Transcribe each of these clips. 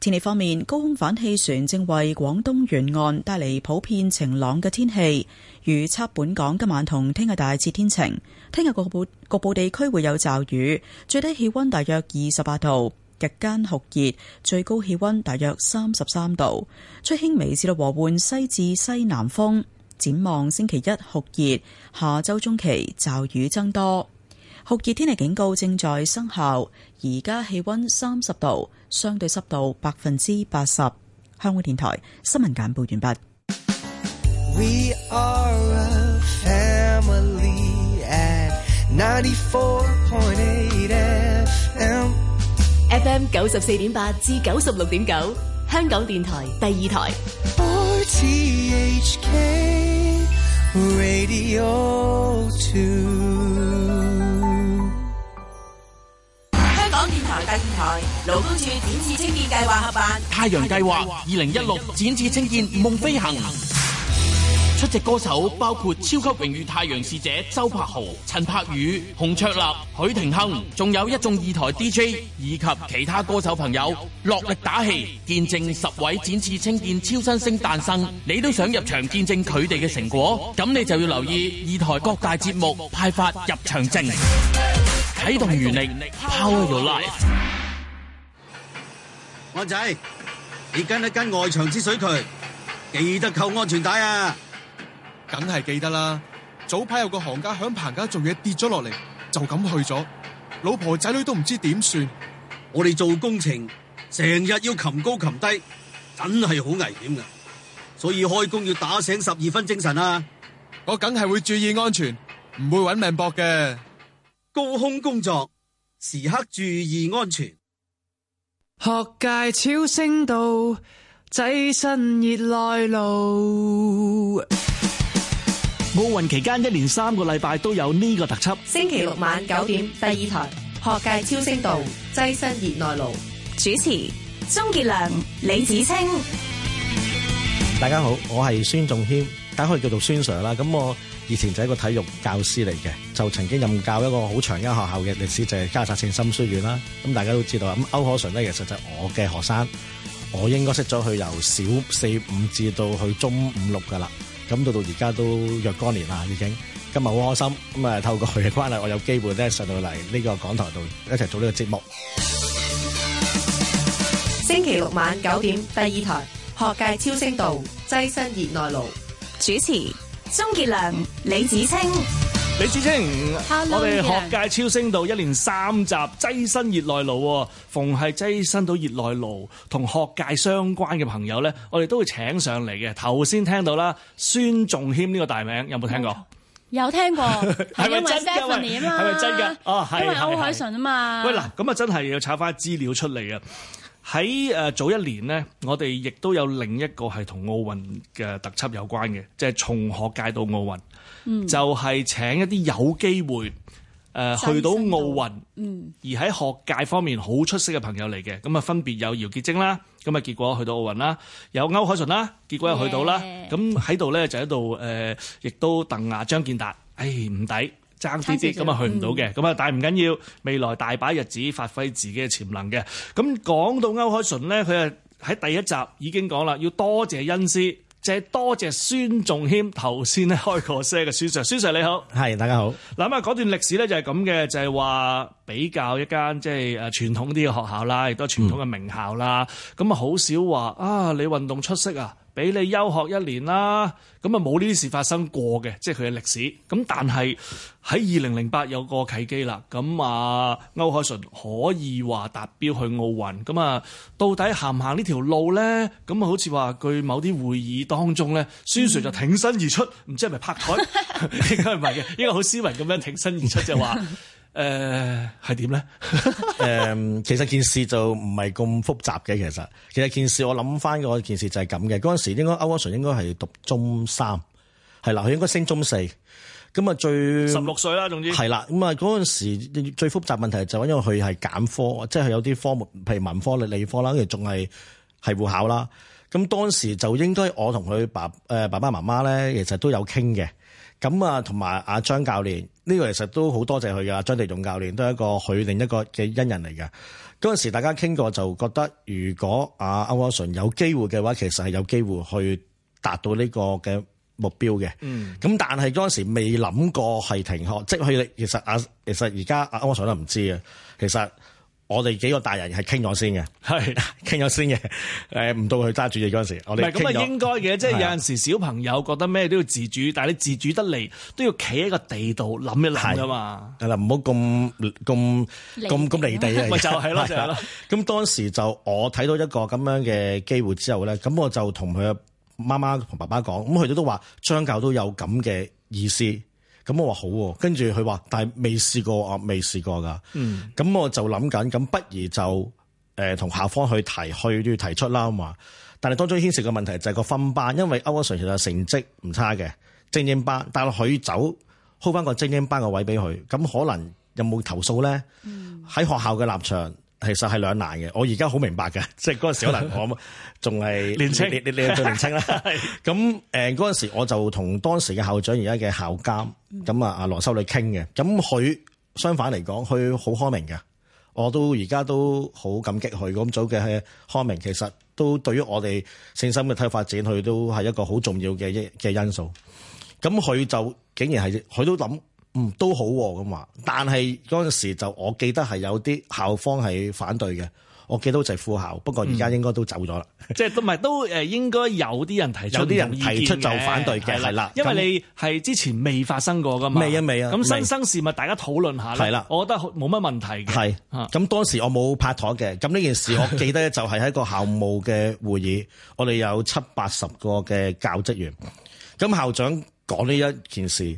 天氣方面，高空反氣旋正為廣東沿岸帶嚟普遍晴朗嘅天氣。預測本港今晚同聽日大致天晴，聽日局部局部地區會有驟雨。最低氣溫大約二十八度，日間酷熱，最高氣溫大約三十三度。吹輕微至到和緩西至西南風。展望星期一酷熱，下周中期驟雨增多。酷熱天氣警告正在生效，而家氣溫三十度，相對濕度百分之八十。香港電台新聞簡報完畢。We are a family at 94.8 FM. F M 九十四點八至九十六點九，香港電台第二台。RTHK Radio 2. 勞工處展翅青見計劃合辦太陽計劃二零一六展翅青見夢飛行，出席歌手包括超級榮譽太陽使者周柏豪、陳柏宇、洪卓立、許廷鏗，仲有一眾二台 DJ 以及其他歌手朋友，落力打氣見證十位展翅青見超新星誕生。你都想入場見證佢哋嘅成果，咁你就要留意二台各大節目派發入場證。啟動原力，Power Your Life。安仔，你跟一跟外牆止水渠，記得扣安全帶啊！梗係記得啦。早排有個行家響棚架做嘢跌咗落嚟，就咁去咗，老婆仔女都唔知點算。我哋做工程，成日要擒高擒低，真係好危險噶。所以開工要打醒十二分精神啊！我梗係會注意安全，唔會搵命搏嘅。高空工作時刻注意安全。學界超聲道，躋身熱內盧。奧運期間，一連三個禮拜都有呢個特輯。星期六晚九點，第二台。學界超聲道，躋身熱內盧。主持：鍾杰良、李芷菁。大家好，我係孫仲謙。大家可以叫做孫 Sir 啦，咁我以前就係一個體育教師嚟嘅，就曾經任教一個好長間學校嘅歷史就係嘉諾撒聖心書院啦。咁大家都知道，咁歐鎧淳咧其實就係我嘅學生，我應該識咗佢由小四五至到去中五六噶啦，咁到到而家都若干年啦已經。今日好開心，咁啊透過佢嘅關係，我有機會咧上到嚟呢個講台度一齊做呢個節目。星期六晚九點，第二台學界超聲道躋身熱內盧。主持鍾傑良、李芷菁、李芷菁，Hello, 我哋學界超聲道一連三集躋身熱內盧，逢係躋身到熱內盧同學界相關嘅朋友咧，我哋都會請上嚟嘅。頭先聽到啦，孫仲謙呢個大名有冇聽過，嗯？有聽過，係咪 真㗎？係咪 因為 真㗎？哦， 係 因為歐鎧淳吖嘛，係 啊，係啊，係啊，係啊，係啊，係啊，係啊，係啊，係啊，係啊，係啊，啊，喂，嗱，噉咪真係要查返資料出嚟啊！喺誒早一年呢，我哋亦都有另一個係同奧運嘅特輯有關嘅，即係從學界到奧運，嗯、就係請一啲有機會誒、呃、去到奧運，嗯、而喺學界方面好出色嘅朋友嚟嘅。咁啊分別有姚潔晶啦，咁啊結果去到奧運啦，有歐鎧淳啦，結果又去到啦。咁喺度咧就喺度誒，亦、呃、都鄧亞張建達，誒唔抵。爭啲啲咁啊，啲啲去唔到嘅咁啊，嗯、但係唔緊要，未來大把日子發揮自己嘅潛能嘅。咁講到歐鎧淳咧，佢啊喺第一集已經講啦，要多謝恩師，謝、即係、多謝孫仲謙頭先咧開過聲嘅孫 Sir，孫 Sir 你好，係大家好。嗱咁啊，嗰段歷史咧就係咁嘅，就係、係、話比較一間即係誒傳統啲嘅學校啦，亦都係傳統嘅名校啦。咁啊、嗯，好少話啊，你運動出色啊！俾你休學一年啦，咁啊冇呢啲事發生過嘅，即係佢嘅歷史。咁但係喺二零零八有個契機啦。咁啊，歐鎧淳可以話達標去奧運。咁啊，到底行唔行呢條路咧？咁啊，好似話據某啲會議當中咧，嗯、孫 Sir 就挺身而出，唔知係咪拍台？ 應該唔係嘅，應該好斯文咁樣挺身而出就話。 誒，係點咧？誒、 um，其實件事就唔係咁複雜嘅，其實其實件事我諗翻嘅件事就係咁嘅。嗰陣時應該阿歐應該係讀中三，係啦，佢應該升中四，咁啊最十六歲啦，總之係啦。咁啊嗰陣時最複雜問題就係因為佢係揀科，即係有啲科目，譬如文科、理科啦，佢仲係係會考啦。咁當時就應該我同佢爸誒爸爸媽媽咧，其實都有傾嘅。咁啊，同埋阿張教練。呢個其實都好多謝佢噶，張地勇教練都係一個佢另一個嘅恩人嚟嘅。嗰陣時大家傾過就覺得，如果阿歐鎧淳有機會嘅話，其實係有機會去達到呢個嘅目標嘅。嗯，咁但係嗰陣時未諗過係停學，即係佢其實啊其實而家阿歐鎧淳都唔知啊，其實。其實我哋幾個大人係傾咗先嘅，係傾咗先嘅，誒 唔到佢揸主意嗰陣時，是我哋咁啊，應該嘅，即係的有陣時小朋友覺得咩都要自主，的但係你自主得嚟都要企喺個地度諗一諗啊嘛，係啦，唔好咁咁咁咁離地咪 就係咯，就係、是、咯。咁的 當時就我睇到一個咁樣嘅機會之後咧，咁我就同佢媽媽同爸爸講，咁佢哋都話張教都有咁嘅意思。咁我話好喎、啊，跟住佢話，但係未試過啊，未試過㗎。咁、嗯、我就諗緊，咁不如就誒同、呃、校方去提，去都要提出啦嘛。但係當中牽涉嘅問題就係個分班，因為歐歐其實成績唔差嘅精英班，但係佢走開返個精英班嘅位俾佢，咁可能有冇投訴咧？喺、嗯、學校嘅立場。其實係兩難嘅，我而家好明白嘅， 即係嗰陣時可能我仲係 年青，你你你最年青啦。咁誒，嗰陣時我就同當時嘅校長而家嘅校監，咁啊阿羅修女傾嘅。咁佢相反嚟講佢好開明嘅。我都而家都好感激佢咁早嘅開明。其實都對於我哋聖心嘅體育發展，佢都係一個好重要嘅一嘅因素。咁佢就竟然係，佢都諗。嗯，都好咁話，但係嗰陣時就我記得係有啲校方係反對嘅，我記得就係副校，不過而家應該都走咗啦。即係都唔係都誒，應該有啲人提出，有啲人提出就反對嘅，係啦。因為你係之前未發生過噶嘛，未啊未啊。咁新生事物，大家討論下。係啦，我覺得冇乜問題嘅。係，咁當時我冇拍枱嘅。咁呢件事我記得就係喺個校務嘅會議，我哋有七八十個嘅教職員，咁校長講呢一件事。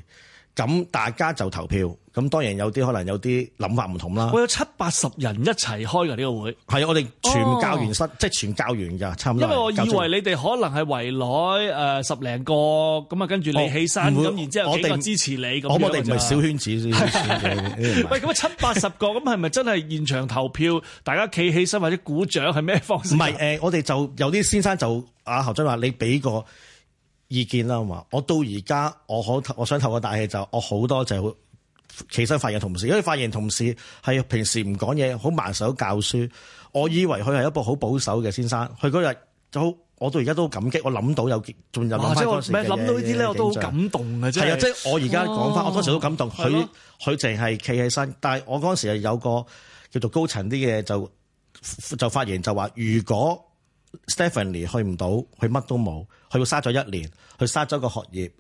咁大家就投票，咁當然有啲可能有啲諗法唔同啦。會有七八十人一齊開嘅呢個會，係我哋全教員室，即係全教員㗎，差唔多。因為我以為你哋可能係圍內誒十零個，咁啊跟住你起身，咁然之後我哋支持你，咁我哋唔係小圈子支喂，咁七八十個，咁係咪真係現場投票？大家企起身或者鼓掌係咩方式？唔係，誒，我哋就有啲先生就啊侯俊話你俾個意見啦嘛，我到而家我可我想透過大氣就我好多就企身發言同事，因為發言同事係平時唔講嘢，好慢手教書，我以為佢係一部好保守嘅先生，佢嗰日就我到而家都好感激，我諗到有仲有諗、啊、即係咩？諗到呢啲咧，我都好感動嘅啫。係啊，即係、就是、我而家講翻，哦、我當時都好感動。佢佢淨係企起身，但係我嗰陣時係有個叫做高層啲嘅就就發言就話，如果。Stephanie 去唔到，佢乜都冇，佢會嘥咗一年，佢嘥咗個學業，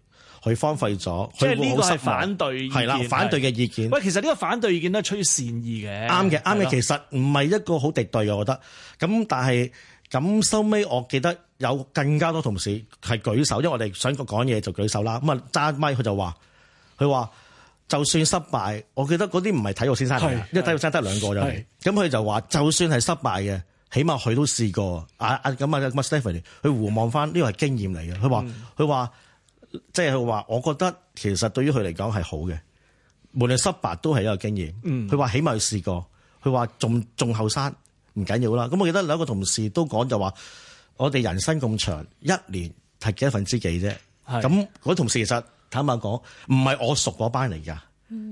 佢荒廢咗。即係呢個係反對，係啦，反對嘅意見。喂，的其實呢個反對意見都係出於善意嘅。啱嘅，啱嘅，的的其實唔係一個好敵對嘅，我覺得。咁但係咁收尾，我記得有更加多同事係舉手，因為我哋想講嘢就舉手啦。咁啊，揸咪佢就話，佢話就算失敗，我記得嗰啲唔係體育先生，因為體育生得兩個咋。咁佢就話，就算係失敗嘅。起碼佢都試過，阿阿咁啊咁啊，啊，啊，Stephanie，佢回望翻，呢個係經驗嚟嘅。佢話佢話，即係佢話，我覺得其實對於佢嚟講係好嘅，無論失敗都係一個經驗。佢話、嗯、起碼佢試過，佢話仲仲後生，唔緊要啦。咁我記得兩個同事都講就話，我哋人生咁長，一年係幾分之幾啫？咁嗰是 同事其實坦白講，唔係我熟嗰班嚟噶。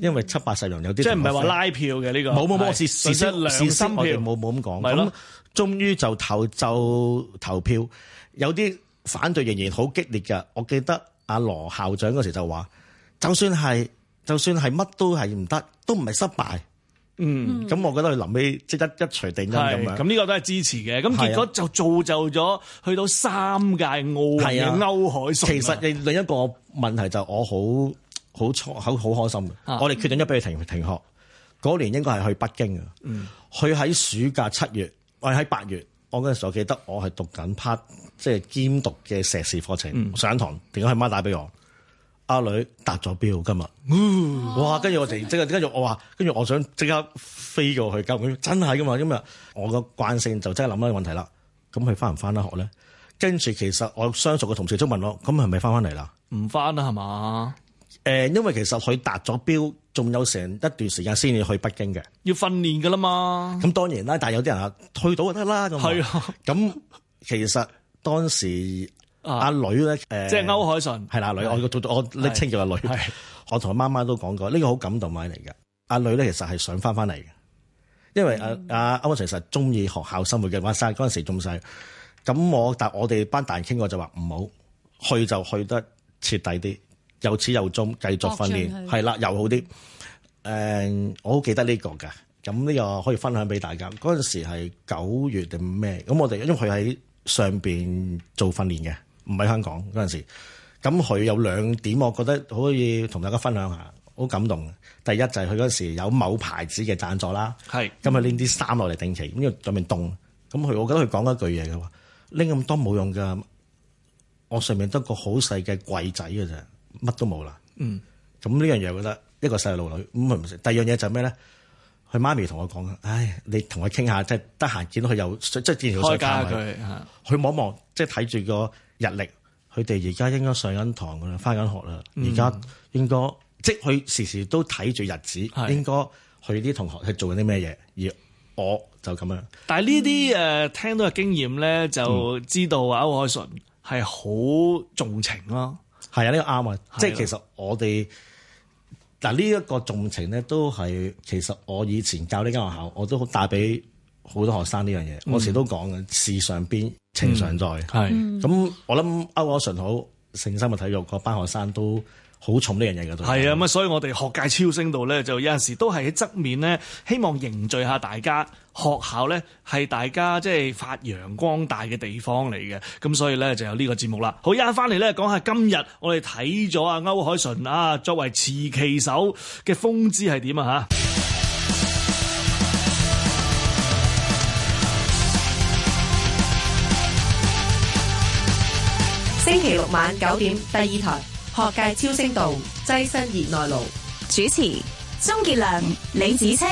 因為七八十人有啲，即係唔係話拉票嘅呢、這個，冇冇冇，我是心是真，是真冇冇咁講。咁終於就投就投票，有啲反對仍然好激烈嘅。我記得阿羅校長嗰時就話，就算係就算係乜都係唔得，都唔係失敗。嗯，咁、嗯、我覺得佢臨尾即係一一錘定音咁樣。咁呢個都係支持嘅。咁結果就造就咗、啊、去到三屆奧運嘅歐鎧淳、啊、其實另一個問題就我好。好初好好開心嘅，啊、我哋決定咗俾佢停停學嗰年，應該係去北京嘅。佢喺、嗯、暑假七月，我係喺八月。我嗰陣時我記得我係讀緊 part 即係兼讀嘅碩士課程、嗯、上堂，點解？係媽打俾我阿女達咗標今日，嘩啊、哇！跟住我突然即係跟住我話，跟住我想即刻飛過去。教佢。真係噶嘛？今日我個慣性就真係諗咗個問題啦。咁佢翻唔翻得學咧？跟住其實我相熟嘅同事都問我，咁係咪翻翻嚟啦？唔翻啦，係嘛？誒，因為其實佢達咗標，仲有成一段時間先至去北京嘅，要訓練噶啦嘛。咁當然啦，但係有啲人去到就得啦。咁，咁其實當時阿女咧，誒，即係歐鎧淳係啦，女我做我昵稱叫阿女，我同的我媽媽都講過，呢個好感動位嚟嘅。阿女咧其實係想翻翻嚟嘅，因為阿阿歐鎧淳其實中意學校生、生活嘅，話晒嗰陣時仲細。咁我但我哋班大人傾過就話唔好去就去得徹底啲。有始有終，繼續訓練係啦，又好啲。誒、uh，我好記得呢個嘅。咁呢個可以分享俾大家。嗰陣時係九月定咩咁？我哋因為佢喺上邊做訓練嘅，唔喺香港嗰陣時。咁佢有兩點，我覺得可以同大家分享下，好感動。第一就係佢嗰陣時有某牌子嘅贊助啦，係咁佢拎啲衫落嚟定期，因為上面凍咁佢。我覺得佢講一句嘢嘅話，拎咁多冇用噶，我上面得個好細嘅櫃仔嘅啫。乜都冇啦，嗯，咁呢樣嘢，我覺得一、這個細路女，咁啊，第二樣嘢就咩咧？佢媽咪同我講，唉，你同佢傾下，即係得閒見到佢又即係見到開佢，佢望一望，即係睇住個日曆，佢哋而家應該上緊堂噶啦，返緊學啦，而家，嗯，應該即係佢時時都睇住日子，是應該佢啲同學係做緊啲咩嘢，而我就咁樣。但係呢啲，誒，聽到嘅經驗咧，就知道，嗯，啊，歐鎧淳係好重情咯。係啊，呢、這個啱啊！即係是是的 其實我哋嗱呢一個重情咧，都係其實我以前教呢間學校，我都好帶俾好多學生呢樣嘢。嗯、我時都講嘅事上邊情常在，係咁、嗯、是的 我諗歐鎧淳好聖心嘅體育嗰班學生都。好重呢樣嘢噶都係啊，咁所以我哋學界超聲度咧，就有陣時都係喺側面咧，希望凝聚下大家學校咧係大家即係發揚光大嘅地方嚟嘅，咁所以咧就有呢個節目啦。好，一陣翻嚟咧講下今日我哋睇咗阿歐海純歐鎧淳啊，作為持旗手嘅風姿係點啊吓。星期六晚九點，第二台。學界超聲道，躋身熱內盧。主持：鍾傑良、李芷菁。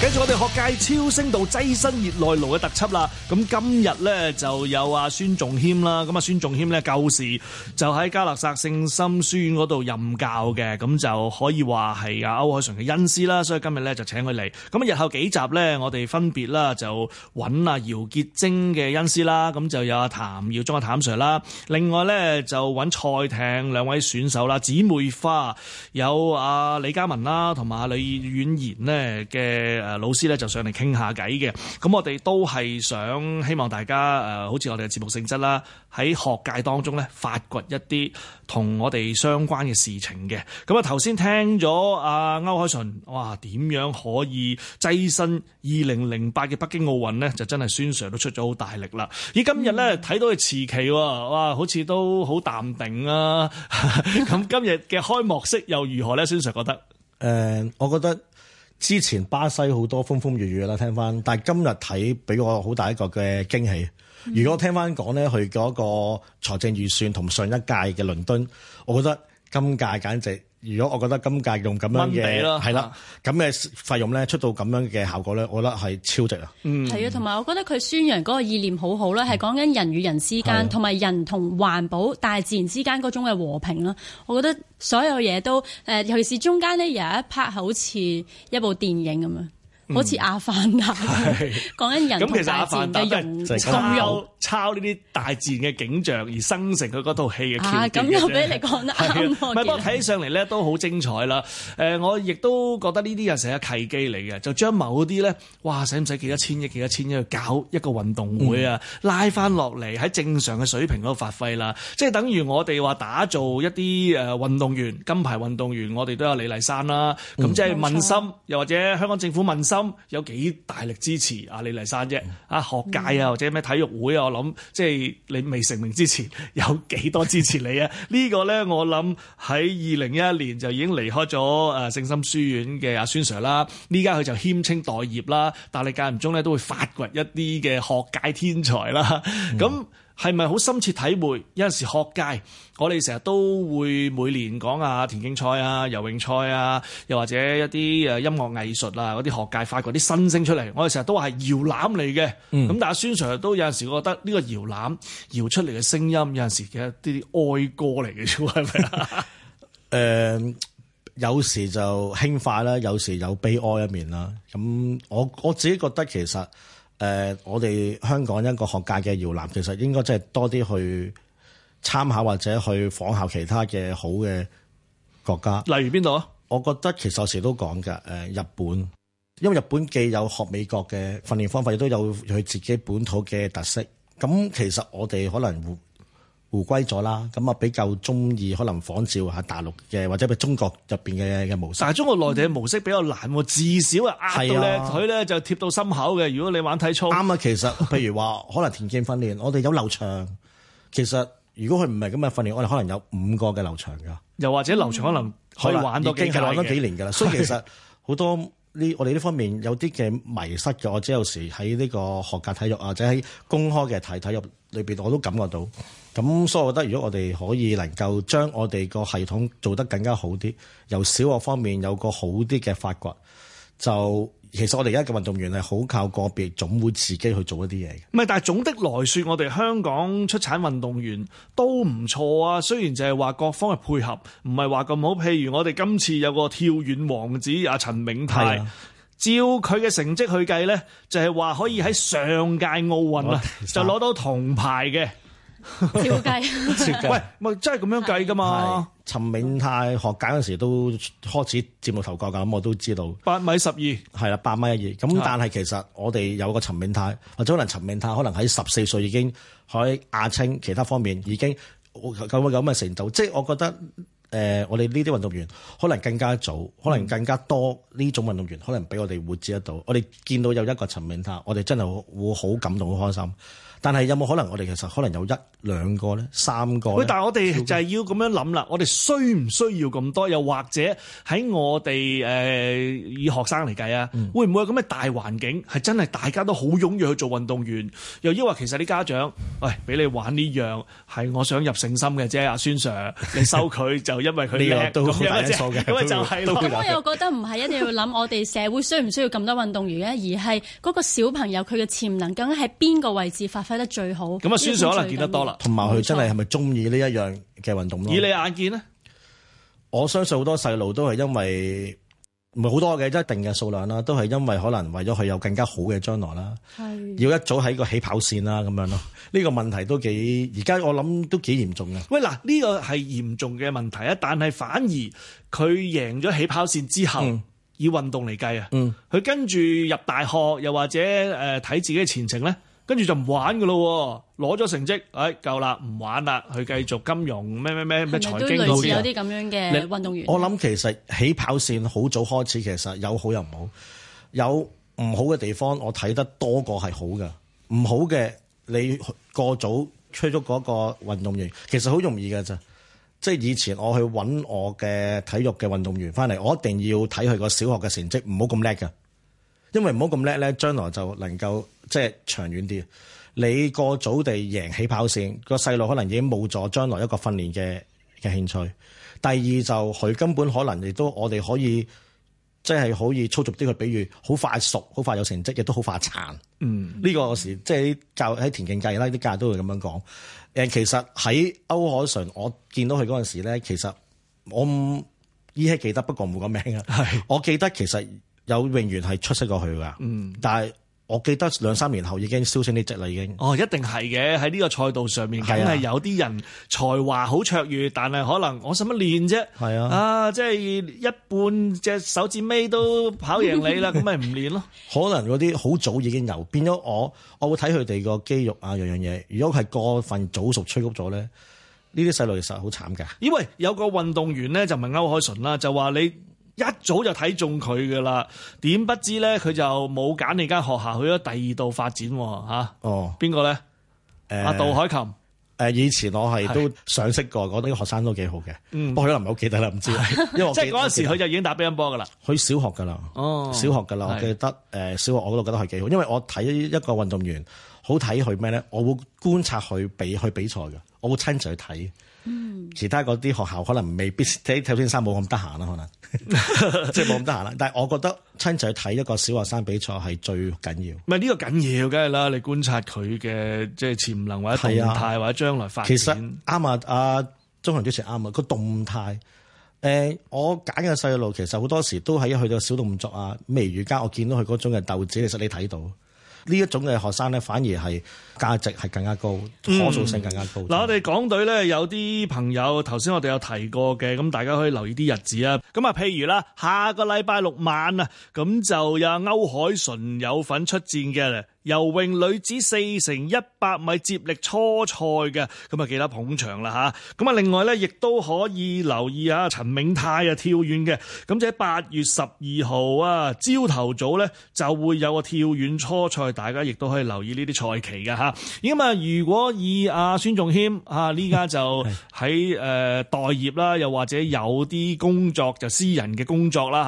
繼續我哋學界超聲道躋身熱內盧嘅特輯、啊、啦，咁今日咧就有阿孫仲謙啦，咁啊孫仲謙咧舊時就喺嘉諾撒聖心書院嗰度任教嘅，咁就可以話係阿歐鎧淳嘅恩師啦，所以今日咧就請佢嚟，咁、嗯、日後幾集咧我哋分別啦就揾阿、啊、姚潔貞嘅恩師啦，咁就有阿、啊、譚耀宗、阿譚 Sir 啦，另外咧就揾賽艇兩位選手啦，姊妹花有阿、啊、李嘉文啦，同埋阿李婉賢呢嘅。誒，老師咧就上嚟傾下偈嘅，咁我哋都係想希望大家誒，好似我哋嘅節目性質啦，喺學界當中咧發掘一啲同我哋相關嘅事情嘅。咁啊，頭先聽咗阿歐鎧淳，哇，點樣可以躋身二零零八嘅北京奧運呢就真係孫 Sir 都出咗好大力啦。咦，今日咧睇到佢持旗哇，好似都好淡定啊。咁 今日嘅開幕式又如何咧？孫 Sir 覺得？誒、呃，我覺得。之前巴西好多風風雨雨啦，聽翻，但係今日睇畀我好大一個嘅驚喜。如果聽翻講咧，佢嗰個財政預算同上一屆嘅倫敦，我覺得今屆簡直。如果我覺得今屆用咁樣嘅係啦咁嘅的費用咧，出到咁樣嘅效果咧，我覺得係超值啊！嗯，係啊，同埋我覺得佢宣揚嗰個意念好好啦，係講緊人與人之間，同埋是的 人同環保大自然之間嗰種嘅和平啦。我覺得所有嘢都誒，尤其是中間呢，有一 part 好似一部電影咁樣。好似阿凡達，講緊人大自然嘅，其實阿凡達咁有抄呢啲大自然嘅景象而生成佢嗰套戲嘅橋段，咁又俾你講得啱我。唔係，不過睇起上嚟咧都好精彩啦。誒，我亦都覺得呢啲又成日契機嚟嘅，就將某啲咧，哇，使唔使幾多千億幾多千億去搞一個運動會啊？拉翻落嚟喺正常嘅水平嗰度發揮啦。即係等於我哋話打造一啲誒運動員金牌運動員，我哋都有李麗珊啦。咁即係問心，又或者香港政府問心。有幾大力支持啊，李麗珊啫？啊，學界啊，或者咩體育會啊，我諗即係你未成名之前有幾多支持你啊？ 個呢個咧，我諗喺二零一一年就已經離開咗誒聖心書院嘅阿孫 Sir 啦。呢家佢就謙稱待業啦，但係你間唔中咧都會發掘一啲嘅學界天才啦。咁。嗯係咪好深切體會？有陣時學界，我哋成日都會每年講啊田徑賽啊、游泳賽啊，又或者一啲誒音樂藝術啊嗰啲學界發掘啲新聲出嚟，我哋成日都話係搖籃嚟嘅。咁、嗯、但係阿孫 Sir 都有陣時覺得呢個搖籃搖出嚟嘅聲音，有陣時嘅啲哀歌嚟嘅啫，係咪啊？誒，有時就輕快啦，有時有悲哀一面啦。咁我我自己覺得其實。誒、呃，我哋香港一個學界嘅搖籃，其實應該即係多啲去參考或者去仿效其他嘅好嘅國家。例如邊度？我覺得其實我有時都講㗎，誒、呃，日本，因為日本既有學美國嘅訓練方法，亦都有佢自己本土嘅特色。咁其實我哋可能會。回歸咗啦，咁啊比較中意可能仿照下大陸嘅，或者譬如中國入邊嘅嘅模式。但係中國內地嘅模式比較難，嗯、至少係壓咧，佢咧就貼到心口嘅。啊、如果你玩體操，啱啊！其實譬如話， 可能田徑訓練，我哋有劉翔。其實如果佢唔係咁嘅訓練，我哋可能有五個嘅劉翔㗎。又或者劉翔可能可以玩到幾年嘅，玩翻幾年㗎啦。的所以其實好 多呢，我哋呢方面有啲嘅迷失嘅。我知有時喺呢個學界體育或者喺公開嘅體體育裏邊我都感覺到，咁所以我覺得如果我哋可以能夠將我哋個系統做得更加好啲，由小學方面有個好啲嘅發掘，就其實我哋而家嘅運動員係好靠個別總會自己去做一啲嘢嘅。唔係，但係總的來說，我哋香港出產運動員都唔錯啊。雖然就係話各方嘅配合唔係話咁好，譬如我哋今次有個跳遠王子阿陳銘泰。照佢嘅成績去計咧，就係、是、話可以喺上屆奧運啦， 就攞到銅牌嘅。照計，喂，咪 真係咁樣計㗎嘛？陳銘泰學界嗰陣時都開始嶄露頭角㗎，咁我都知道。八米十二，係啦，八米一二。咁但係其實我哋有個陳銘泰，的或者可能陳銘泰可能喺十四歲已經喺亞青其他方面已經咁咁咁嘅成就，即係我覺得。誒、呃，我哋呢啲運動員可能更加早，可能更加多呢種運動員，可能畀我哋活接得到。我哋見到有一個陳敏他，我哋真係會好感動，好開心。但係有冇可能我哋其實可能有一兩個咧，三個喂！但係我哋就係要咁樣諗啦，我哋需唔需要咁多？又或者喺我哋誒、呃、以學生嚟計啊，嗯、會唔會有咁嘅大環境係真係大家都好踴躍去做運動員？又抑或其實啲家長喂，俾你玩呢樣係我想入聖心嘅啫，阿孫 sir 你收佢就因為佢叻咁樣啫。咁就係，所以會我又覺得唔係一定要諗我哋社會需唔需要咁多運動員咧，而係嗰個小朋友佢嘅潛能究竟喺邊個位置發？睇得最好，咁啊，孫 Sir 可能見得多啦，同埋佢真係係咪中意呢一樣嘅運動咯？以你眼見咧，我相信好多細路都係因為唔係好多嘅一定嘅數量啦，都係因為可能為咗佢有更加好嘅將來啦，要一早喺個起跑線啦咁樣咯。呢個問題都幾，而家我諗都幾嚴重嘅！喂，嗱，呢個係嚴重嘅問題啊，但係反而佢贏咗起跑線之後，以運動嚟計啊，佢跟住入大學又或者誒睇自己嘅前程咧。跟住就唔玩噶咯，攞咗成績，誒夠啦，唔玩啦，去繼續金融咩咩咩咩財經嗰啲啊。都類似啲咁樣嘅你運動員。我諗其實起跑線好早開始，其實有好有唔好，有唔好嘅地方我睇得多過係好嘅。唔好嘅你過早出咗嗰個運動員，其實好容易噶咋。即係以前我去揾我嘅體育嘅運動員翻嚟，我一定要睇佢個小學嘅成績，唔好咁叻㗎。因為唔好咁叻咧，將來就能夠即係長遠啲。你過早地贏起跑線，個細路可能已經冇咗將來一個訓練嘅嘅興趣。第二就佢根本可能亦都我哋可以即係可以粗俗啲去比喻，好快熟，好快有成績亦都好快殘。嗯，呢個時即係教喺田徑界啦，啲界都會咁樣講。誒，其實喺歐鎧淳，我見到佢嗰陣時咧，其實我依稀記得，不過冇個名啊。係是，我記得其實。有榮譽係出色過佢㗎，嗯、但係我記得兩三年後已經消聲匿跡啦，已經。哦，一定係嘅，喺呢個賽道上面，梗係有啲人才華好卓越，啊、但係可能我使乜練啫？係啊，啊，即係一半隻手指尾都跑贏你啦，咁咪唔練咯？可能嗰啲好早已經有變咗，我我會睇佢哋個肌肉啊，樣樣嘢。如果係過份早熟催谷咗咧，呢啲細路其實好慘㗎。因為有個運動員咧，就唔係歐鎧淳啦，就話你。一早就睇中佢嘅啦，點不知咧，佢就冇揀你間學校，去咗第二度發展吓。哦，邊個咧？誒，阿杜海琴。誒，以前我係都賞識過，我覺得啲學生都幾好嘅。嗯，不過可能唔係好記得啦，唔知。即係嗰陣時佢就已經打乒乓波噶啦。佢小學噶啦。哦。小學噶啦，我記得。誒，小學我嗰度覺得係幾好，因為我睇一個運動員，好睇佢咩咧？我會觀察佢比去比賽嘅，我會親自去睇。其他嗰啲學校可能未必睇，蔡先生冇咁得閒啦，可能即係冇咁得閒啦。 但係我覺得親自去睇一個小學生比賽係最緊要，唔係呢個緊要，梗係啦。你觀察佢嘅即係潛能或者動態或者將來發展，啱啊！阿鍾行主持啱啊！嗯那個動態誒、呃，我揀嘅細路其實好多時都係一去到小動作啊，眉宇間，我見到佢嗰種嘅鬥志，其實你睇到。呢一種嘅學生咧，反而係價值係更加高，可塑性更加高。嗱、嗯，以我哋港隊咧，有啲朋友頭先我哋有提過嘅，咁大家可以留意啲日子啊。咁啊，譬如啦，下個禮拜六晚啊，咁就有歐鎧淳有份出戰嘅。游泳女子四乘一百米接力初賽嘅，咁啊記得捧場啦吓。咁啊，另外咧亦都可以留意下陳銘泰啊跳遠嘅。咁就喺八月十二號啊朝頭早咧就會有個跳遠初賽，大家亦都可以留意呢啲賽期嘅吓。咁啊，如果以阿孫仲謙啊呢家就喺誒待業啦，又或者有啲工作就私人嘅工作啦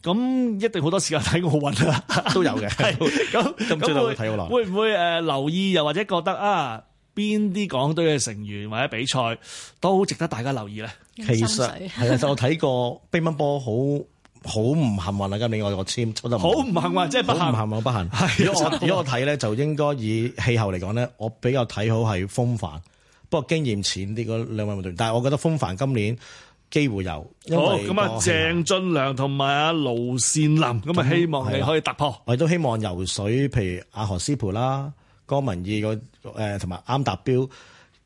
吓，咁一定好多時間睇奧運啦， 都有嘅。咁咁 會唔會誒留意，又或者覺得啊邊啲港隊嘅成員、或者比賽都好值得大家留意咧？其實其實 我睇過乒乓波好好唔幸運啊，今年我簽抽得好唔幸運，即係不幸運，不幸運。如果我如果我睇咧，就應該以氣候嚟講咧，我比較睇好係風帆。不過經驗淺啲嗰兩位運動員，但係我覺得風帆今年。機會有好咁啊！鄭俊良同埋阿盧善林咁啊，希望你可以突破。我亦都希望游水，譬如阿何詩蓓啦、江文義個同埋啱達標，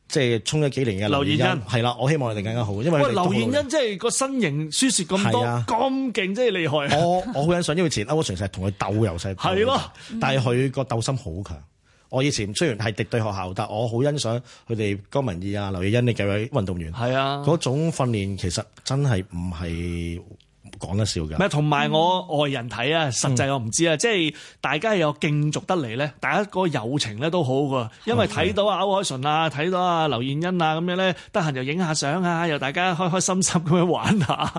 即係衝咗幾年嘅劉燕欣係啦。我希望你哋更加好，因為劉燕欣即係個身形輸蝕咁多，咁勁真係厲害。我我好欣賞，因為前歐文成日同佢鬥游世係咯，但係佢個鬥心好強。我以前雖然係敵對學校，但我好欣賞佢哋，江文義啊、劉以欣呢幾位運動員，係啊，嗰種訓練其實真係唔係。講得少嘅，咪同埋我外人睇啊，嗯、實際我唔知啊，嗯、即係大家有競逐得嚟咧，大家個友情咧都好噶，因為睇到啊歐海 l 啊，睇到啊劉燕欣啊咁樣咧，得閒又影下相啊，又大家開開心心咁樣玩下，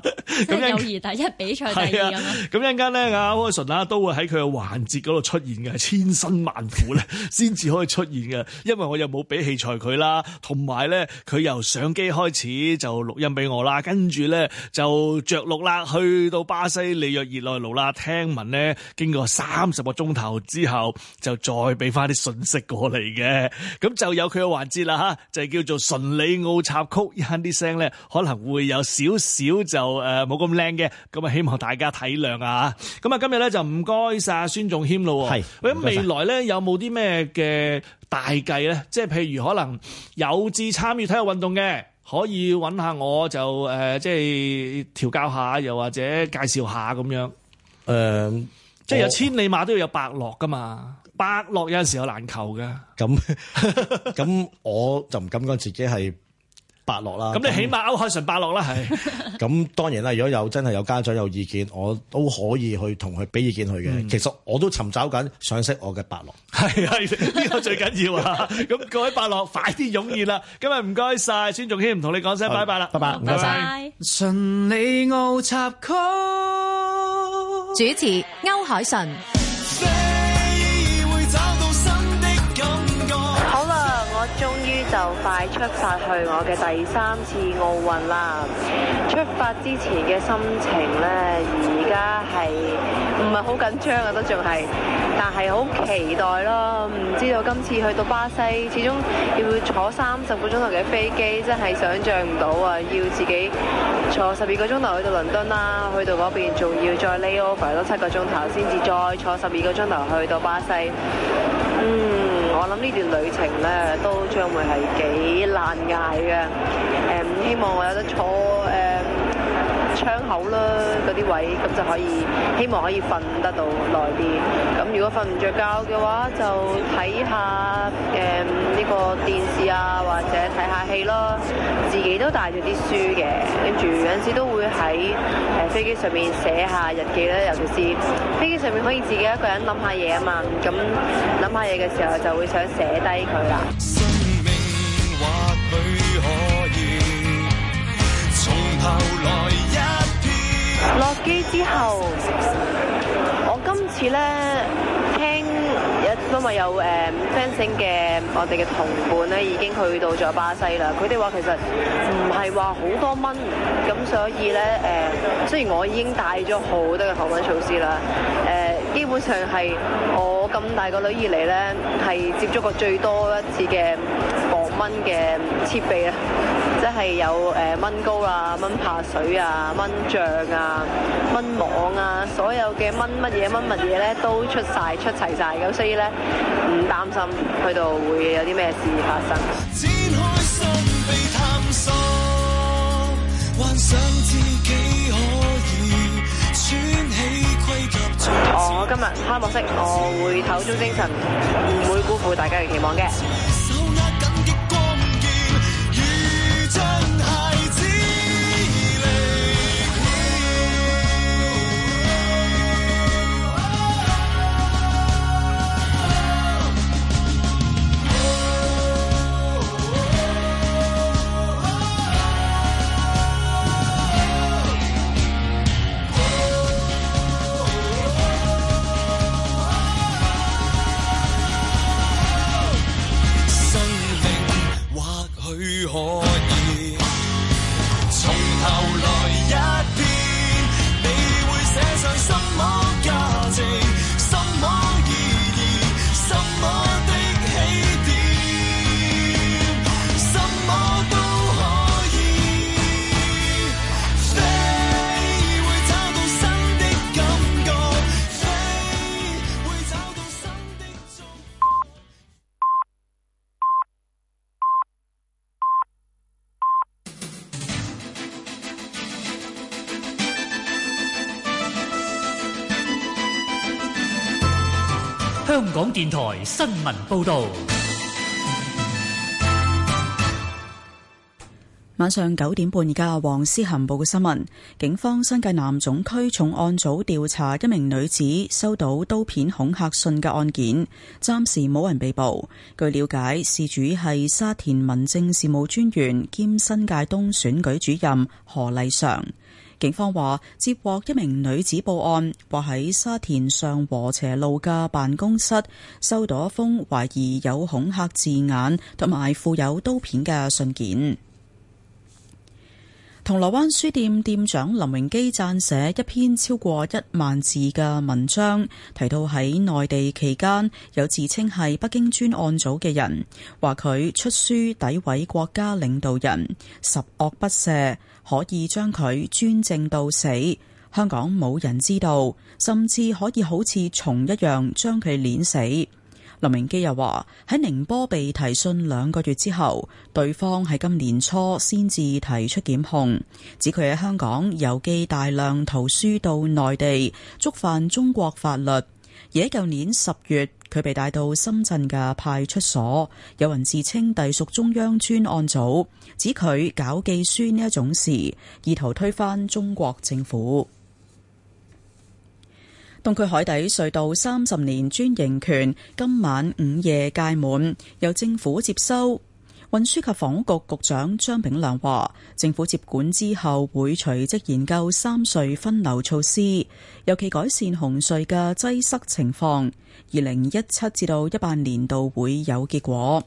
咁友誼第一，比賽第二。咁一陣間咧啊 w i l 啊，都會喺佢嘅環節嗰度出現嘅，千辛萬苦咧，先至可以出現嘅，因為我又冇俾器材佢啦，同埋咧佢由相機開始錄著就錄音俾我啦，跟住咧就着錄啦去。去到巴西里約熱內盧啦，聽聞咧經過三十個鐘頭之後，就再俾翻啲信息過嚟嘅，咁就有佢嘅環節啦吓，就叫做淳里奧插曲，啲聲咧可能會有少少就誒冇咁靚嘅，咁、呃、啊希望大家體諒啊，咁啊今日咧就唔該晒孫仲謙咯，係是，咁未來咧有冇啲咩嘅大計咧？即係譬如可能有志參與體育運動嘅。可以揾下我就誒，即、呃、係、就是、調教下，又或者介紹下咁樣。誒、呃，即係有千里馬都要有伯樂噶嘛，伯樂有陣時又難求嘅。咁咁、嗯嗯嗯，我就唔敢講自己係。伯樂啦，咁你起碼歐鎧淳伯樂啦，係、嗯。咁是當然啦，如果有真係有家長有意見，我都可以去同佢俾意見佢嘅。的其實我都尋找緊想識我嘅伯樂，係係呢個最緊要啊！咁 各位伯樂快啲湧現啦！今日唔該晒孫仲謙，唔同你講聲好拜拜啦，拜拜唔該曬。謝謝淳里奧插曲，主持歐鎧淳。就快出發去我嘅第三次奧運啦！出發之前嘅心情呢，而家係唔係好緊張啊？都仲係，但係好期待咯！唔知道今次去到巴西，始終要，要坐三十個鐘頭嘅飛機，真係想像唔到啊！要自己坐十二個鐘頭去到倫敦啦，去到嗰邊仲要再 layover 多七個鐘頭，先至再坐十二個鐘頭去到巴西。嗯。我諗呢段旅程咧都將會係幾難捱嘅，誒、嗯、唔希望我有得坐誒。嗯窗口啦，嗰啲位咁就可以，希望可以瞓得到耐啲。咁如果瞓唔着覺嘅話，就睇下誒呢個電視啊，或者睇下戲咯。自己都帶住啲書嘅，跟住有陣時都會喺誒飛機上面寫下日記啦，尤其是飛機上面可以自己一個人諗下嘢啊嘛。咁諗下嘢嘅時候就會想寫低佢啦。生命或許可以落機之後，我今次咧聽，因為有誒、呃、fans 嘅我哋嘅同伴咧，已經去到咗巴西啦。佢哋話其實唔係話好多蚊，咁所以咧誒、呃、雖然我已經帶咗好多嘅防蚊措施啦，誒、呃、基本上係我咁大個女以嚟咧，係接觸過最多一次嘅。蚊嘅設備啊，即係有誒、呃、蚊膏啊、蚊怕水啊、蚊帳啊、蚊網啊，所有嘅蚊乜嘢蚊乜嘢咧都出晒、出齊晒。咁所以咧，唔擔心去到會有啲咩事發生。我今日開幕式，我會抖足精神，唔會辜負大家嘅期望嘅。電台新聞報道，晚上九點半，而家黃思恆報嘅新聞。警方新界南總區重案組調查一名女子收到刀片恐嚇信嘅案件，暫時冇人被捕。據了解，事主係沙田民政事務專員兼新界東選舉主任何麗常。警方話接獲一名女子報案，話喺沙田上禾輋路嘅辦公室收到一封懷疑有恐嚇字眼同埋附有刀片嘅信件。銅鑼灣書店店長林榮基撰寫一篇超過一萬字嘅文章，提到喺內地期間有自稱係北京專案組嘅人，話佢出書詆毀國家領導人，十惡不赦，可以將佢專政到死。香港冇人知道，甚至可以好似蟲一樣將佢碾死。林明基又話：喺寧波被提訊兩個月之後，對方喺今年初先至提出檢控，指佢喺香港郵寄大量圖書到內地，觸犯中國法律。而喺舊年十月，佢被帶到深圳嘅派出所，有人自稱隸屬中央專案組，指佢搞寄書呢一種事，意圖推翻中國政府。東區海底隧道三十年專營權今晚午夜屆滿，由政府接收。運輸及房屋局局長張炳良話，政府接管之後會隨即研究三隧分流措施，尤其改善紅隧嘅擠塞情況。二零一七至到一八年度會有結果。